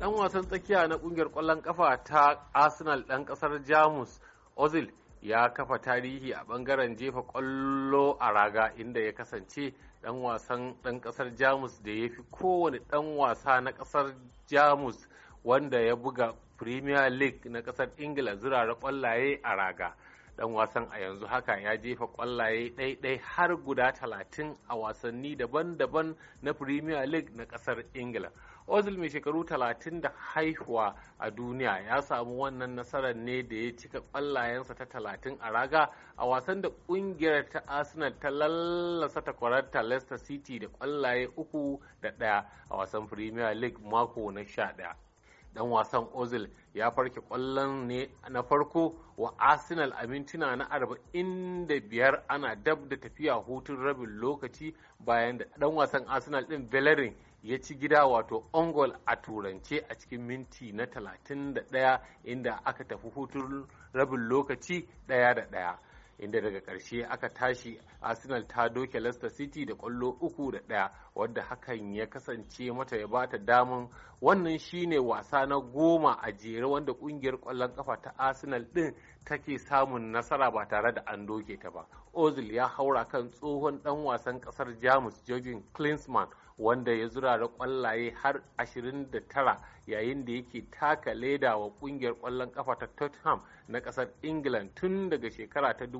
dan wasan tsakiya na kungiyar kwallon kafa ta arsenal dan kasar jamus ozil ya kafa tarihi a bangaren jefa kwallo a raga inda ya kasance dan wasan dan kasar jamus da ya fi kowane dan wasa na kasar jamus wanda ya buga premier league na kasar ingila zurara kwallaye a raga dan wasan a yanzu haka ya jefa kwallaye ɗaiɗai har guda talatin a wasanni daban-daban na premier league na ƙasar ingila ozil mai shekaru talatin da haihuwa a duniya ya samu wannan nasarar ne da ya cika kwallayensa ta talatin a raga a wasan da ƙungiyar ta arsenal ta lallasa takwararta leicester city da kwallaye uku da ɗaya a wasan premier league mako na sha ɗaya dan wasan ozil ya farke kwallon ne na farko wa arsenal a mintuna na biyar ana dab da tafiya hutun rabin lokaci bayan da dan wasan arsenal din bellerin ya ci gida wato ongol a turance a cikin minti na 31 inda aka tafi hutun rabin lokaci daya da daya inda daga ƙarshe aka tashi arsenal ta doke leicester city da kwallo uku da ɗaya wadda hakan ya kasance mata ya bata damun. wannan shine wasa na goma a jere wanda ƙungiyar kwallon ƙafa ta arsenal ɗin take samun nasara ba tare da an doke ta ba ozil ya haura kan tsohon ɗan wasan ƙasar jamus jogin klinsmann wanda ya zurara kwallaye har 29 yayin da yake taka leda wa kungiyar kwallon kafa ta Tottenham na kasar England tun daga shekara ta